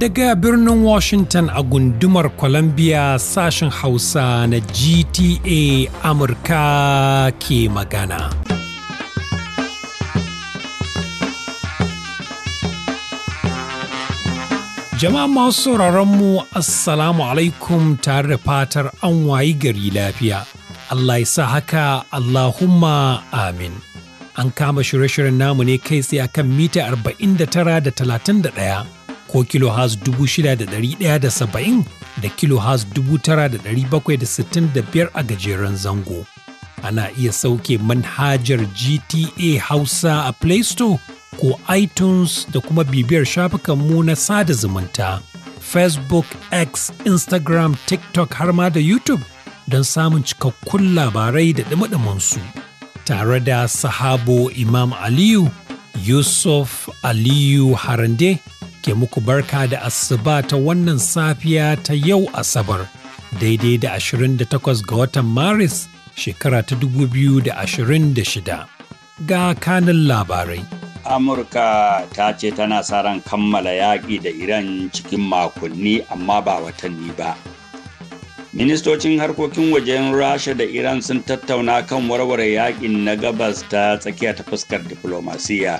Daga birnin Washington a gundumar Columbia sashen Hausa na GTA Amurka ke magana. Jama'a masu sauraron mu Assalamu alaikum tare da fatar an wayi gari lafiya. Allah ya sa haka Allahumma amin. An kama shirye-shiryen namu ne kai tsaye akan mita arba'in da ɗaya ko dubu 6,170 da kilo da biyar a gajeren zango. Ana iya sauke manhajar GTA Hausa a Play Store ko iTunes da kuma bibiyar shafukanmu na sada zumunta. Facebook, X, Instagram, TikTok har ma da YouTube don samun cikakkun labarai da ɗumaɗumansu. su. tare da sahabo Imam Aliyu Yusuf Aliyu Harande ke muku barka da asuba ta wannan safiya ta yau Asabar daidai da 28 ga watan Maris shekara ta 2026 ga kanin labarai. Amurka ta ce tana sa ran kammala yaƙi da Iran cikin makonni amma ba watanni ba. ministocin harkokin wajen rasha da iran sun tattauna kan warware yakin na gabas ta tsakiya ta fuskar diflomasiya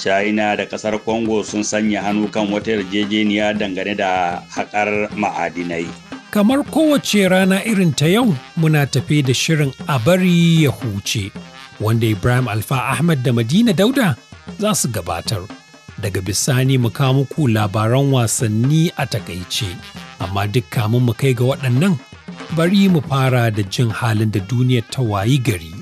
china da kasar congo sun sanya hannu kan wata yarjejeniya dangane da haƙar ma'adinai kamar kowace rana irin ta yau muna tafe da shirin a bari ya huce wanda ibrahim alfa ahmad da madina dauda za su gabatar daga bisani mu kawo muku labaran wasanni a takaice amma duk kamun mu kai ga waɗannan bari mu fara da jin halin da duniyar ta wayi gari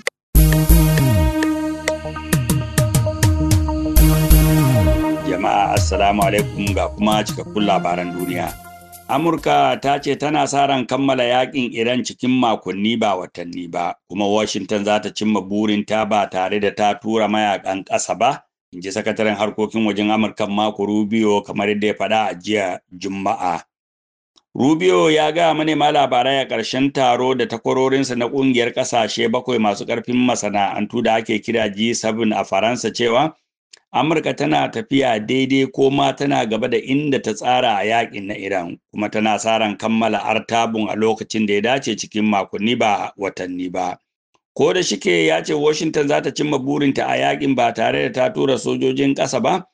jama'a assalamu alaikum ga kuma cikakkun labaran duniya Amurka ta ce tana sa ran kammala yakin Iran cikin makonni ba watanni ba, kuma Washington za ta cimma burinta ba tare da ta tura mayakan ƙasa ba, in ji sakataren harkokin wajen amurka mako rubio kamar yadda ya faɗa a jiya juma'a rubio ya ga manema labarai a ƙarshen taro da takwarorinsa na ƙungiyar ƙasashe bakwai masu ƙarfin masana'antu da ake kira g7 a faransa cewa amurka tana tafiya daidai ko ma tana gaba da inda ta tsara a yaƙin na iran kuma tana sa ran kammala artabun a lokacin da ya dace cikin makonni ba watanni ba Ko da shike ya ce Washington za ta cimma burinta a yakin ba tare da ta tura sojojin ƙasa ba,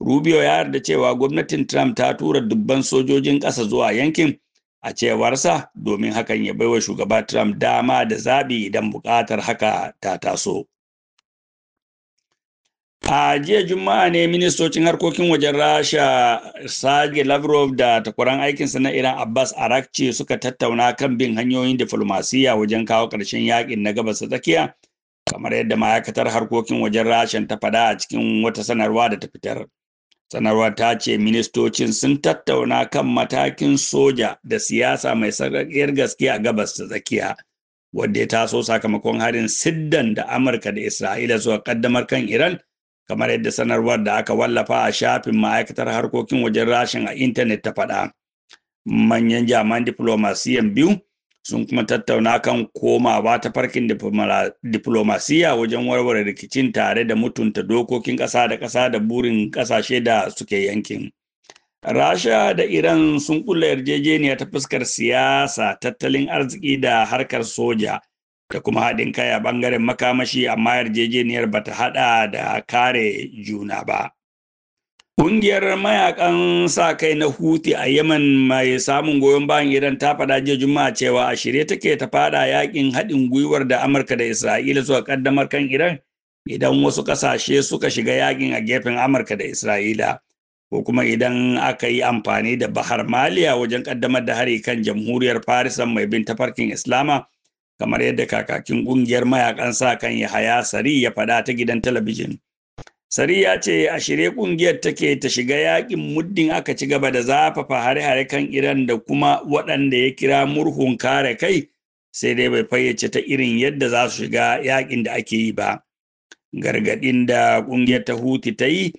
Rubio ya yarda cewa gwamnatin Trump ta tura dubban sojojin ƙasa zuwa yankin a cewarsa domin hakan ya baiwa shugaba Trump dama da zaɓi idan buƙatar haka ta taso. A jiya Juma'a ne ministocin harkokin wajen Rasha sage Lavrov da takwaran aikinsa na Iran Abbas Arakci suka tattauna kan bin hanyoyin diflomasiyya wajen kawo ƙarshen yakin na gabas tsakiya kamar yadda ma'aikatar harkokin wajen Rasha ta faɗa a cikin wata sanarwa da ta fitar. sanarwar ta ce ministocin sun tattauna kan matakin soja da siyasa mai sarƙaƙiyar gaske a gabas ta tsakiya. Wadda ya taso sakamakon harin siddan da Amurka da Isra'ila suka kaddamar kan Iran kamar yadda sanarwar da aka wallafa a shafin ma'aikatar harkokin wajen rashin a intanet ta faɗa manyan jami'an diflomasiyan biyu sun kuma tattauna kan komawa ta farkin diflomasiyya wajen warware rikicin tare da mutunta dokokin ƙasa da ƙasa da burin ƙasashe da suke yankin rasha da iran sun ƙulla yarjejeniya ta fuskar siyasa tattalin arziki da harkar soja da kuma haɗin kai a ɓangaren makamashi amma yarjejeniyar ba ta haɗa da kare juna ba. Ƙungiyar mayakan sa kai na huti a Yemen mai samun goyon bayan Iran ta faɗa jiya Juma'a cewa a shirye take ta faɗa yakin haɗin gwiwar da Amurka da Isra'ila suka kaddamar kan Iran idan wasu ƙasashe suka shiga yakin a gefen Amurka da Isra'ila ko kuma idan aka yi amfani da Bahar Maliya wajen kaddamar da hari kan jamhuriyar Farisan mai bin tafarkin Islama kamar yadda kakakin ƙungiyar mayakan sa kan haya, Sari ya faɗa ta gidan talabijin. Sari ya ce a shirye ƙungiyar take ta shiga yakin muddin aka ci gaba da zafafa hare-hare kan Iran da kuma waɗanda ya kira murhun kare kai sai dai bai fayyace ta irin yadda za su shiga yakin da ake yi ba. Gargaɗin da ƙungiyar ta Huti ta yi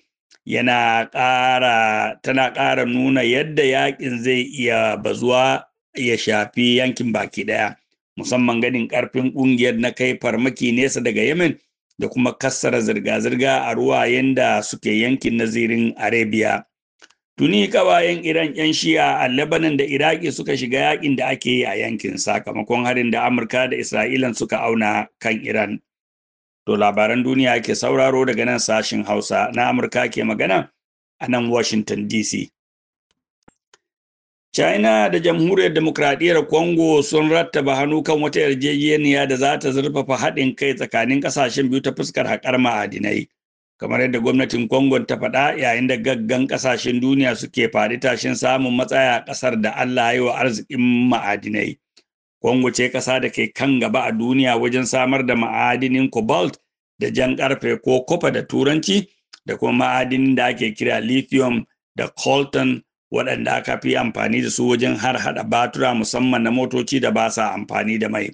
yana ƙara tana ƙara nuna yadda yakin zai iya bazuwa ya shafi yankin baki ɗaya. musamman ganin karfin kungiyar na kai farmaki nesa daga Yemen da kuma kassara zirga-zirga a ruwayen da suke yankin nazirin Arabia. Tuni kawayen Iran 'yan Shi'a a Lebanon da Iraki suka shiga yakin da ake yi a yankin sakamakon harin da Amurka da isra'ila suka auna kan Iran. To labaran duniya ke sauraro daga nan sashin Hausa na Amurka ke magana a nan Washington DC. China da Jamhuriyar Demokradiyyar Congo sun rattaba hannu kan wata yarjejeniya da za ta zurfafa haɗin kai tsakanin ƙasashen biyu ta fuskar haƙar ma'adinai. Kamar yadda gwamnatin Congo ta faɗa yayin da gaggan ƙasashen duniya suke faɗi tashin samun matsaya a ƙasar da Allah ya wa arzikin ma'adinai. Congo ce ƙasa da ke kan gaba a duniya wajen samar da ma'adinin cobalt da jan ƙarfe ko kofa da turanci da kuma ma'adinin da ake kira lithium da coltan waɗanda aka fi amfani da su wajen har hada batura musamman na motoci da ba sa amfani da mai.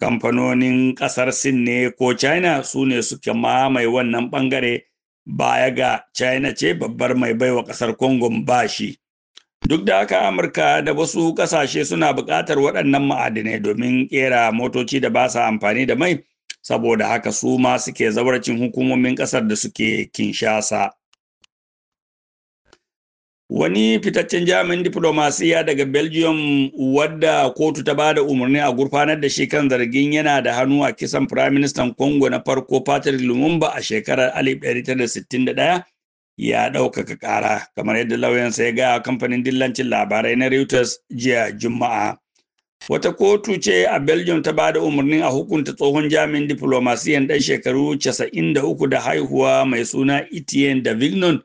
Kamfanonin ƙasar Sin ne ko China su ne suke mamaye wannan ɓangare baya ga China ce babbar mai baiwa ƙasar Congo bashi. Duk da haka Amurka da wasu ƙasashe suna buƙatar waɗannan ma'adinai domin ƙera motoci da ba sa amfani da mai, saboda haka su ma suke zawarcin hukumomin ƙasar da suke Kinshasa. wani fitaccen jami'in diplomasiya daga belgium wadda kotu ta bada umarni a gurfanar da shi kan zargin yana da hannu a kisan firaministan congo na farko patrick lumumba a shekarar 1961 ya ɗaukaka ƙara kamar yadda lauyansa ya gaya kamfanin dillancin labarai na reuters jiya juma'a wata kotu ce a belgium ta bada umarnin a hukunta tsohon jami'in diplomasiyan ɗan shekaru 93 da haihuwa mai suna etienne davignon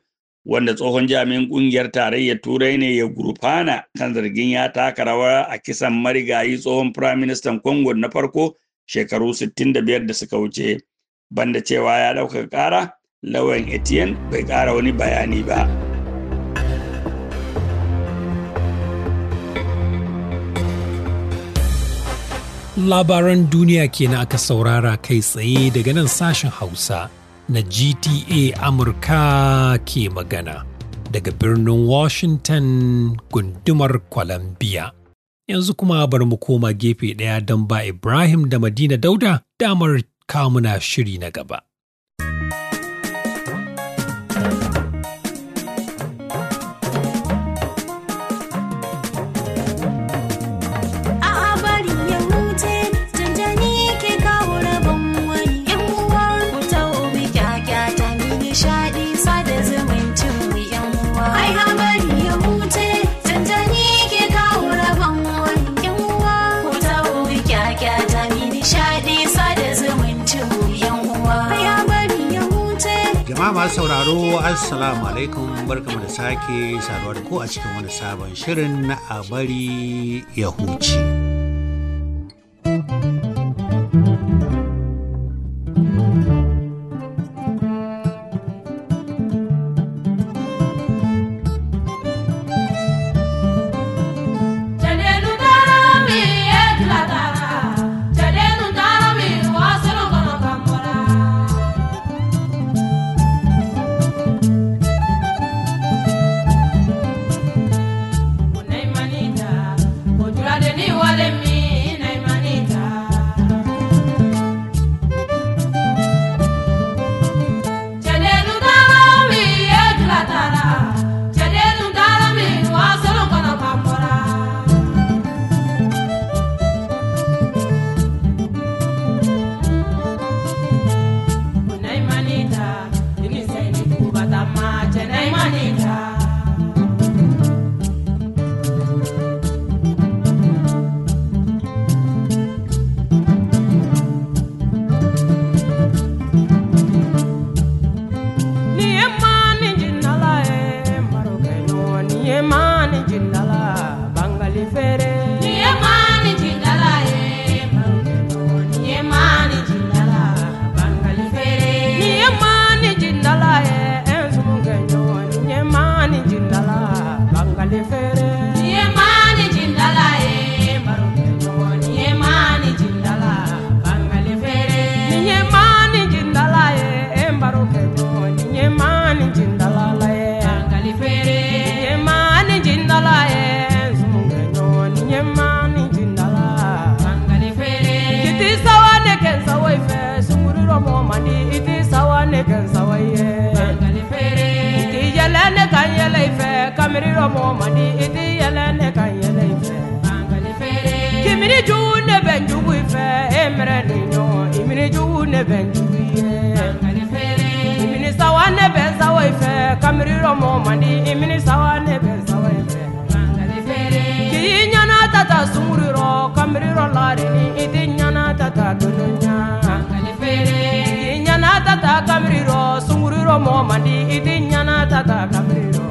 wanda tsohon jami'in kungiyar tarayyar turai ne ya gurfana kan zargin ya taka rawa a kisan marigayi tsohon firaministan congo na farko shekaru 65 da suka wuce banda cewa ya ɗaukaka ƙara lawan etienne bai ƙara wani bayani ba labaran duniya kenan aka saurara kai tsaye daga nan sashen hausa na GTA Amurka ke magana daga birnin Washington gundumar Columbia. Yanzu kuma bar mu koma gefe ɗaya don ba Ibrahim da Madina Dauda damar kamuna shiri na gaba. masu sauraro assalamu alaikum barkamu da sake saduwa da ku a cikin wani sabon shirin na a bari ya huce. miriro larini i tɛ tata tata kamiriro tata kamiriro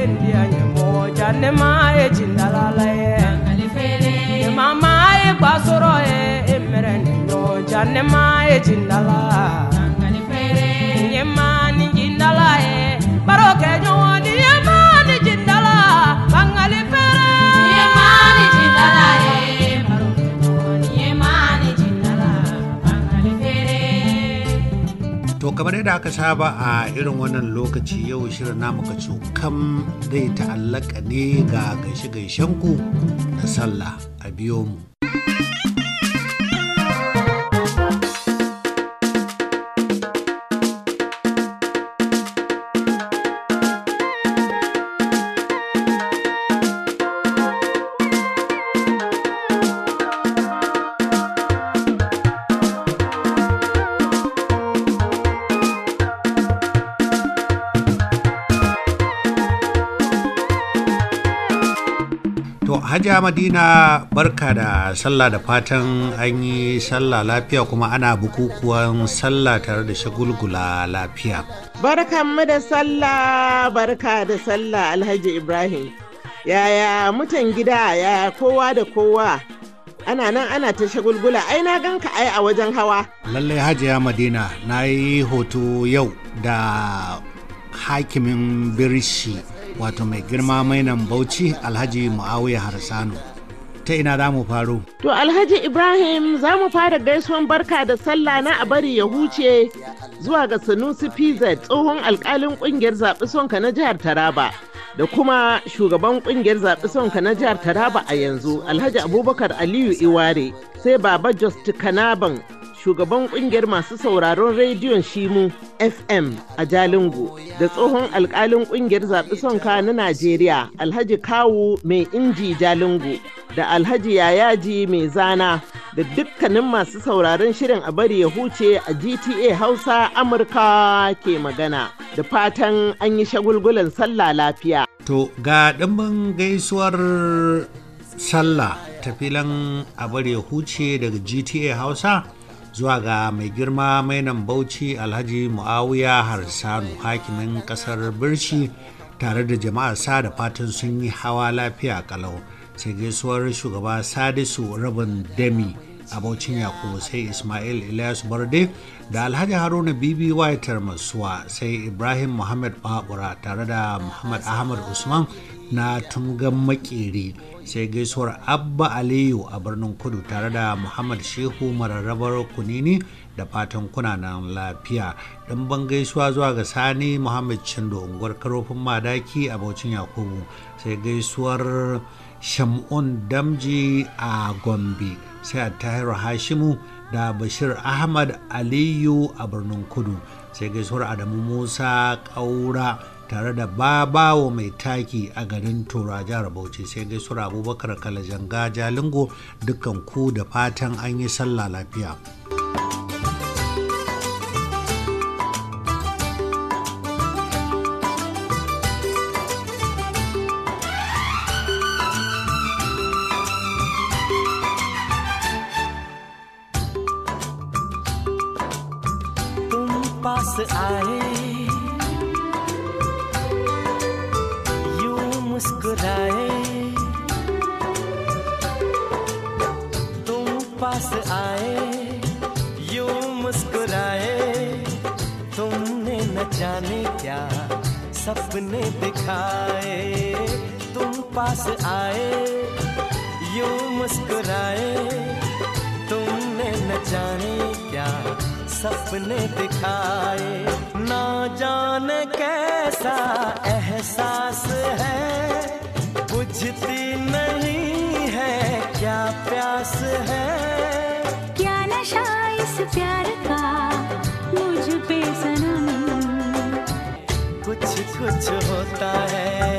e ndiya ne e mɛrɛ ni ɲɔgɔn ja ne jindala Kada aka saba a irin wannan lokaci yau shirin namu ka kam zai ta'allaka ne ga gaishe-gaishenku da sallah a biyo mu. ta madina barka da sallah da fatan an yi sallah lafiya kuma ana bukukuwan sallah tare da shagulgula lafiya barkan mu da sallah barka da sallah alhaji ibrahim yaya mutan gida yaya kowa da kowa ana nan ana ta shagulgula ai na ganka ai a wajen hawa lallai hajiya madina na yi hoto yau da hakimin birshi. wato mai girma mainan bauchi alhaji muawiya harsano ta ina za mu faro to alhaji ibrahim za mu fara gaisuwan barka da sallah na a bari ya huce zuwa ga sanusi pz tsohon alkalin kungiyar zaɓi sonka na jihar taraba da kuma shugaban kungiyar zaɓi sonka na jihar taraba a yanzu alhaji abubakar aliyu iware sai baba jos kanaban shugaban kungiyar masu sauraron rediyon Shimu FM a Jalingo da tsohon alkalin kungiyar zaɓi sonka na Najeriya Alhaji Kawu mai inji Jalingo da Alhaji Yayaji mai zana da dukkanin masu sauraron shirin a bari ya huce a GTA Hausa Amurka ke magana da fatan an yi shagulgulan sallah lafiya. To ga ɗimbin gaisuwar sallah ta filan abar ya huce daga gta hausa zuwa ga mai girma mainan bauchi alhaji muawiya harsanu hakimin kasar birci tare da jama'a sa da fatan sun yi hawa lafiya kalau sai gaisuwar shugaba sadisu rabin dami abocin yakubu sai ismail ilyas barde da alhaji haruna bibi waitar masuwa sai ibrahim muhammad babura tare da muhammad ahmad usman na tungan makere sai gaisuwar abba aliyu a birnin kudu tare da muhammad shehu mararrabar kunini da fatan kuna nan lafiya don ban gaisuwa zuwa ga sani muhammad chindo unguwar karofin madaki a baucin yakubu sai gaisuwar shamun damji a gombe sai a tahiru hashimu da bashir ahmad aliyu a birnin kudu sai gaisuwar adamu musa ƙaura tare da babawo mai taki a garin tura jihar bauchi sai rabu, abubakar kalajan gaja lingo dukkan ku da fatan an yi sallah lafiya पास सपने दिखाए ना जाने कैसा एहसास है बुझती नहीं है क्या प्यास है क्या नशा इस प्यार का मुझ पे सनम कुछ कुछ होता है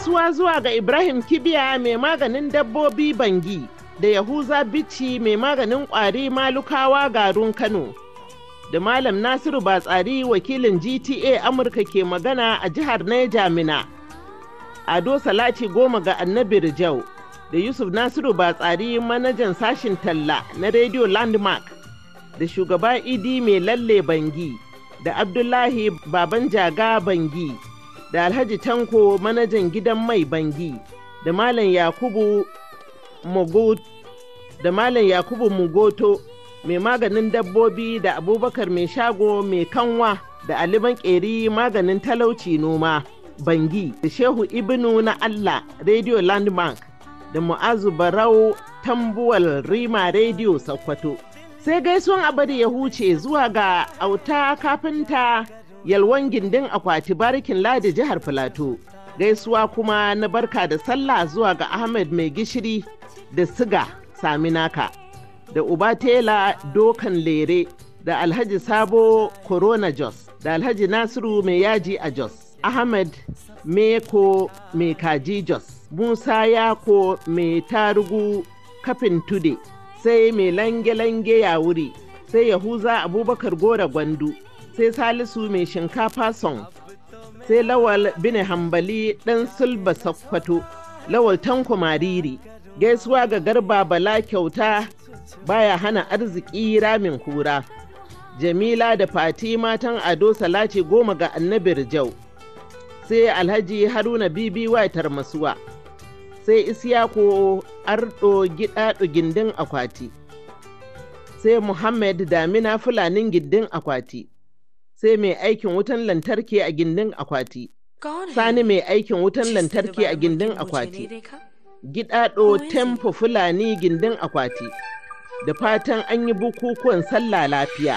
gaisuwa zuwa ga Ibrahim Kibiya mai maganin dabbobi Bangi da Yahuza Bici mai maganin ƙwari Malukawa Garun Kano. Da Malam Nasiru Batsari wakilin GTA Amurka ke magana a jihar Neja Mina. Ado Salati goma ga Annabi Rijau da Yusuf Nasiru Batsari manajan sashin talla na Radio Landmark da shugaba Idi mai lalle Bangi da Abdullahi Baban Jaga Bangi. da Alhaji Tanko manajan gidan mai bangi da Malam Yakubu Mugoto mai maganin dabbobi da Abubakar mai shago mai kanwa da aliban keri maganin talauci noma bangi da Shehu Ibnu na Allah Radio Landmark da Mu'azu Barau Tambuwal Rima Radio Sokoto. Sai gaisuwan abadi ya huce zuwa ga auta kafinta yalwan gindin akwati barikin ladi jihar filato gaisuwa kuma na barka da sallah zuwa ga ahmed mai gishiri da siga saminaka da uba tela dokan lere da alhaji sabo corona jos da alhaji nasiru mai yaji a jos ahmed meko mai kaji jos musa yako mai tarugu kafin tude sai mai lange-lange ya wuri sai yahuza abubakar gora gwandu sai salisu mai shinkafa son sai lawal bine hambali ɗan silba sakwato lawal tanko mariri gaisuwa ga garba bala kyauta baya hana arziki ramin kura jamila da fati matan ado Salati goma ga annabir jau sai alhaji haruna bibi waitar masuwa sai isiyako arɗo gidado gindin akwati sai muhammad damina fulanin gindin akwati sai mai aikin wutan lantarki a gindin akwati. Sani mai aikin wutan lantarki a gindin akwati. Eh, Gidaɗo tempo Fulani gindin akwati. Da fatan an yi bukukuwan sallah lafiya.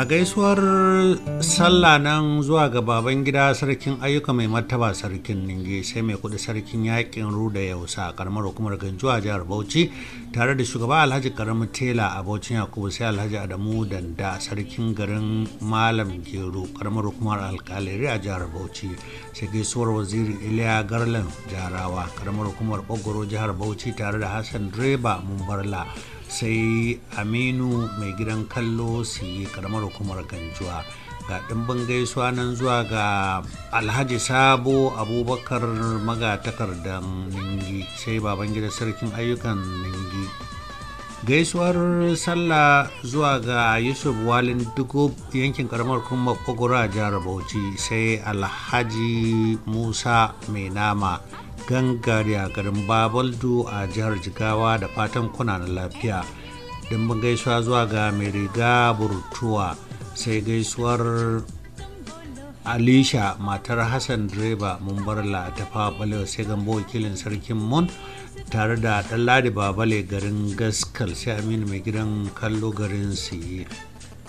A gaisuwar sallah nan zuwa ga baban gida sarkin ayyuka mai martaba sarkin ninge sai mai kudi sarkin yakin ruda yausa a karamar hukumar ganjuwa jihar bauchi tare da shugaba alhaji karamin tela a bauchin yakubu sai alhaji adamu danda sarkin garin malam gero karamar hukumar alkaliri a jihar bauchi sai gaisuwar waziri iliya garlan jarawa karamar hukumar ogoro jihar bauchi tare da hassan direba mumbarla sai aminu mai gidan kallo su yi karamar hukumar ganjuwa ga ɗimbin gaisuwa nan zuwa ga alhaji sabo abubakar magatakardan ningi sai babangida sarkin ayyukan ningi gaisuwar sallah zuwa ga yusuf walin dugo yankin karamar kuma kogora jihar bauchi sai alhaji musa mai nama gangare a garin babaldu a jihar jigawa da fatan kuna na lafiya mun gaisuwa zuwa ga mai riga burtuwa sai gaisuwar alisha matar hassan direba mun mumbarla ta fawa sai gambo wakilin sarkin mun tare da ɗan ladi babale garin gaskal sai aminu mai gidan kallo garin siye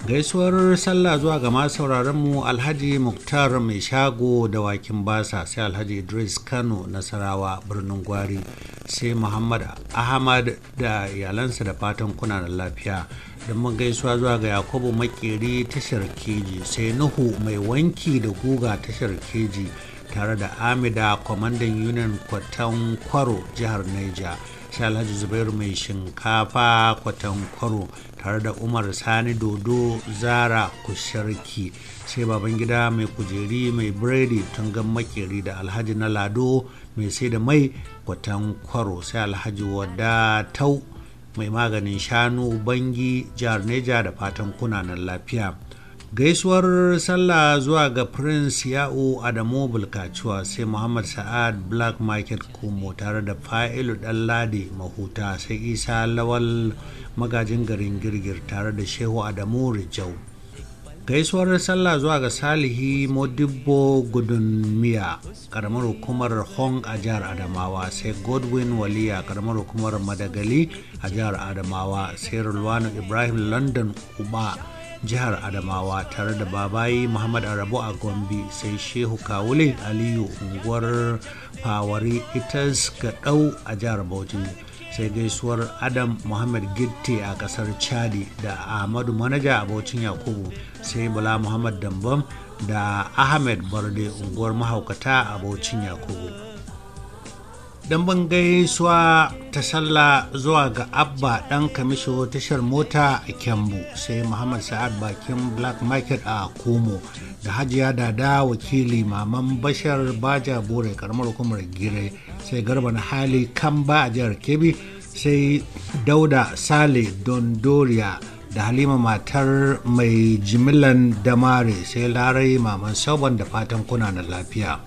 gaisuwar sallah zuwa ga masu mu alhaji muktar mai shago da wakin basa sai alhaji idris kano nasarawa birnin gwari sai muhammad ahmad da iyalansa da fatan kuna da lafiya da mun gaisuwa zuwa ga yakubu makeri tashar keji sai nuhu mai wanki da guga tashar keji tare da amida kwamandan union kwatan kwaro jihar niger sai alhaji zubairu mai shinkafa kwatankwaro tare da umar sani dodo zara kusharki sai babangida mai kujeri mai biredi tun gan makeri da alhaji na lado mai sai da mai kwatankwaro sai alhaji wadatau mai maganin shanu bangi jihar neja da fatan kunanan lafiya gaisuwar sallah zuwa ga prince ya'u adamu bulkacuwa sai muhammad sa'ad black market kumo tare da fa'ilu lade mahuta sai isa lawal magajin garin girgir tare da shehu adamu rijau gaisuwar sallah zuwa ga salihi modibbo miya karamar hukumar hong a jihar adamawa sai godwin waliya karamar hukumar madagali a jihar adamawa sai rulwano ibrahim london kuba jihar adamawa tare da babayi muhammad arabu a gombe sai shehu kawule aliyu unguwar fawari itas ga dau a jihar bauchi sai gaisuwar adam muhammad gitte a kasar chadi da ahmadu manaja a Bauchin yakubu sai bala muhammad dambam da ahmed barde unguwar mahaukata a Bauchin yakubu ban gaisuwa ta sallah zuwa ga abba ɗan kamisho tashar mota a kyambu sai muhammad sa'ad bakin black market a komo da hajiya dada wakili maman bashar baja bore karamar hukumar gire sai garba na hali kamba a jihar kebbi sai dauda sale dondoriya da halima matar mai jimilan damare sai larai maman sauban da fatan kuna na lafiya.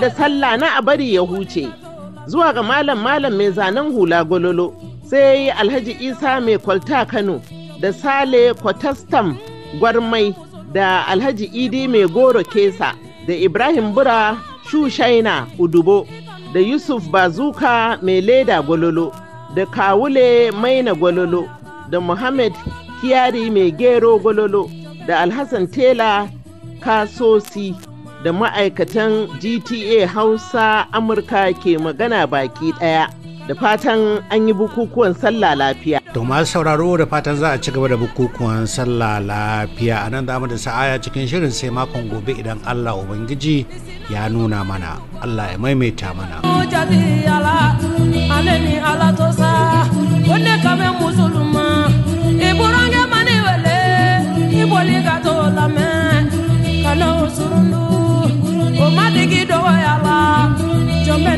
da sallah na a bari ya huce zuwa ga malam malam mai zanen hula gololo sai ya yi alhaji isa mai kwalta kano da sale kwatastam gwarmai da alhaji idi mai goro kesa da ibrahim bura shushaina udubo da yusuf bazuka mai leda gololo da kawule maina gololo da muhammad kiyari mai gero gololo da alhassan tela kasosi da ma'aikatan GTA Hausa Amurka ke magana baki ɗaya. Da fatan an yi bukukuwan sallah lafiya. To masu sauraro da fatan za a ci gaba da bukukuwan sallah lafiya a nan da da sa'aya cikin shirin sai makon gobe idan Allah Ubangiji ya nuna mana. Allah ya maimaita mana. madigi dɔgɔya la jɔn bɛ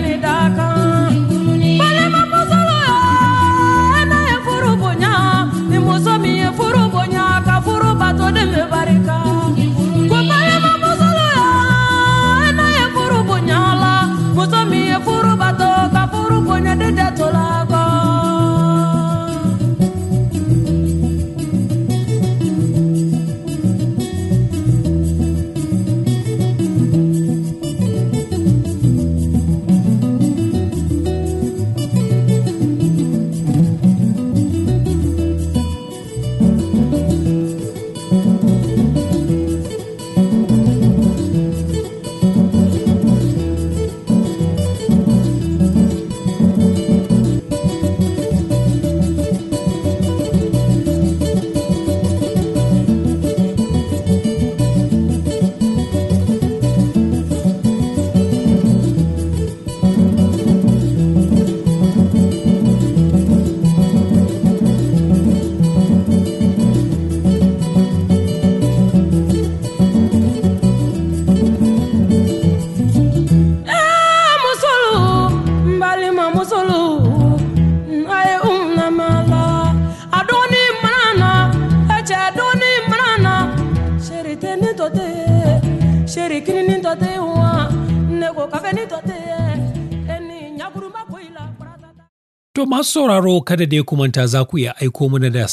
masu sauraro kada da ya kumanta za ku iya aiko mana da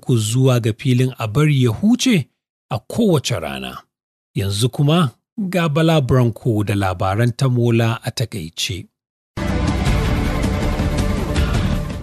ku zuwa ga filin a bari ya huce a kowace rana. Yanzu kuma ga Bala Branko da labaran tamola a takaice.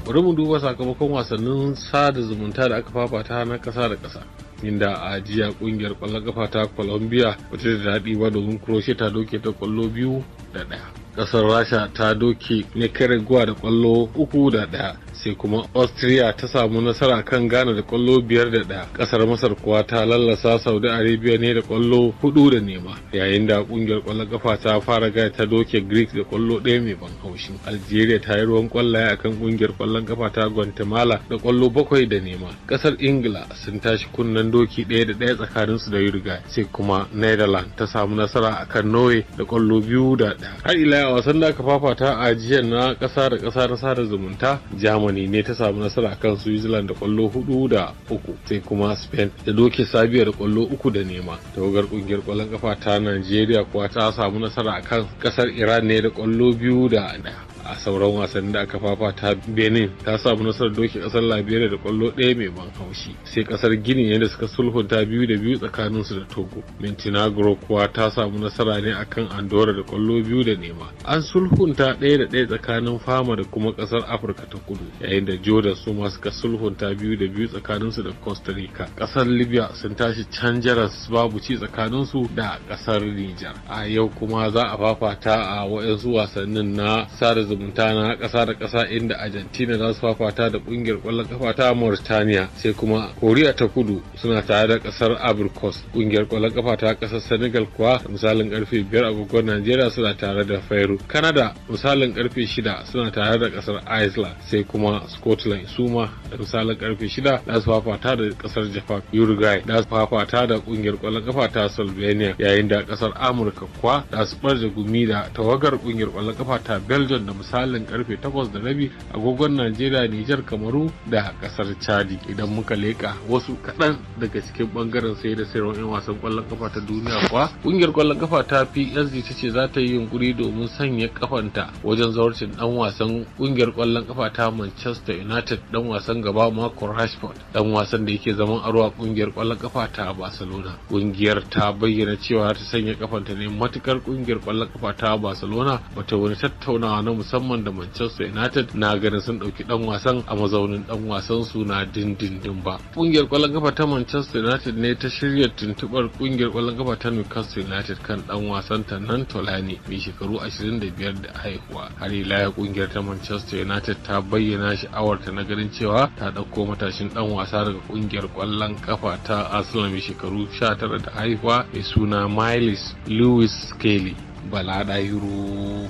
Bari mu duba sakamakon wasannin sada zumunta da aka fafata na ƙasa da ƙasa. inda a jiya kungiyar kwallon kafa ta colombia wata da daɗi ba domin croatia ta doke ta kwallo biyu da ɗaya kasar rasha ta doke ne kare guwa da kwallo uku da daya sai kuma austria ta samu nasara kan ghana da kwallo biyar da daya. ƙasar masar kuwa ta lallasa saudi arabia ne da kwallo hudu da nema yayin da ƙungiyar kwallon kafa ta fara gaya ta doke greek da kwallo ɗaya mai ban haushin. algeria ta yi ruwan kwallaye kan kungiyar kwallon kafa ta guatemala da kwallo bakwai da nema ƙasar ingila sun tashi kunnen doki ɗaya da ɗaya su da yurga sai kuma netherlands ta samu nasara kan norway da kwallo biyu da daya. har ila wasan da aka fafata a na ƙasa da ƙasa na sada zumunta jamus germany ne ta samu nasara kan switzerland da kwallo hudu da uku sai kuma spain da doke sabiya da kwallo uku da nema tawagar kungiyar kwallon kafa ta nigeria kuwa ta samu nasara kan kasar iran ne da kwallo biyu da daya a sauran wasanni da aka fafata benin ta samu nasarar doki kasar liberia da kwallo ɗaya mai ban haushi sai kasar gini yadda suka sulhunta biyu da biyu tsakanin su da togo montenegro kuwa ta samu nasara ne akan andorra da kwallo biyu da nema an sulhunta ɗaya da ɗaya tsakanin fama da kuma kasar afirka ta kudu yayin da jordan su ma suka sulhunta biyu da biyu tsakanin su da costa rica kasar libya sun tashi canjaras babu ci tsakanin su da kasar niger a yau kuma za a fafata a waɗansu wasannin na sada zumunta na ƙasa da ƙasa inda Argentina za su fafata da ƙungiyar ƙwallon ƙafa ta Mauritania sai kuma Koriya ta Kudu suna tare da ƙasar Abrikos ƙungiyar ƙwallon ƙafa ta ƙasar Senegal kuwa misalin ƙarfe biyar agogon Najeriya suna tare da Fairo Canada misalin ƙarfe shida suna tare da ƙasar Iceland sai kuma Scotland suma da misalin ƙarfe shida za su fafata da ƙasar Japan Uruguay za su fafata da ƙungiyar ƙwallon ƙafa ta Slovenia yayin da ƙasar Amurka kuwa za su ɓarje gumi da tawagar ƙungiyar ƙwallon kafa ta Belgium da misalin karfe 8 da rabi agogon Najeriya, Nijar, Kamaru da kasar Chadi. Idan muka leka wasu kaɗan daga cikin bangaren sai da sayarwar 'yan wasan kwallon kafa ta duniya kuwa kungiyar kwallon kafa ta PSG ta ce za ta yi yunkuri domin sanya kafanta wajen zawarcin dan wasan kungiyar kwallon kafa ta Manchester United dan wasan gaba Marco Rashford dan wasan da yake zaman aro a kungiyar kwallon kafa ta Barcelona. Kungiyar ta bayyana cewa ta sanya kafanta ne matukar kungiyar kwallon kafa ta Barcelona bata wani tattaunawa na musamman musamman da Manchester United na ganin sun ɗauki ɗan wasan a mazaunin ɗan wasan su na dindindin ba. Ƙungiyar ƙwallon kafa ta Manchester United ne ta shirya tuntuɓar ƙungiyar kwallon kafa ta Newcastle United kan ɗan wasan ta nan Tolani mai shekaru 25 da haihuwa. Har ila ƙungiyar ta Manchester United ta bayyana sha'awarta na ganin cewa ta ɗauko matashin ɗan wasa daga ƙungiyar ƙwallon kafa ta Arsenal mai shekaru 19 da haihuwa mai suna Miles Lewis Kelly. Bala Ɗahiru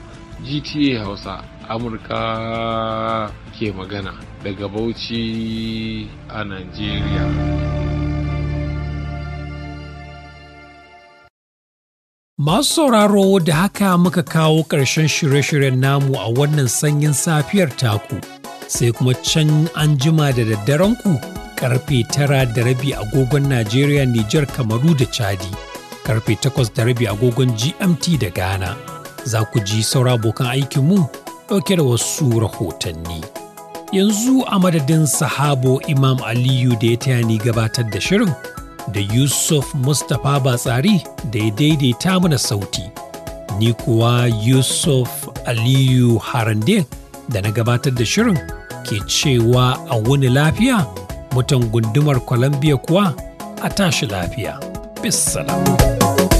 GTA Hausa Amurka ke magana daga Bauchi a Najeriya. Masu sauraro da haka muka kawo ƙarshen shirye-shiryen namu a wannan sanyin safiyar taku, sai kuma can an jima da daddaren ku karfe tara da rabi agogon Najeriya, Nijar, Kamaru da Chadi, karfe takwas da rabi agogon GMT da Ghana. za ku ji saura abokan aikinmu ɗauke da wasu rahotanni. Yanzu a madadin sahabo Imam Aliyu da ya taya ni gabatar da shirin da Yusuf Mustapha Batsari da ya daidaita mana sauti. Ni kuwa Yusuf Aliyu Harande da na gabatar da shirin ke cewa a wani lafiya mutan gundumar Columbia kuwa a tashi lafiya. Bissalamu.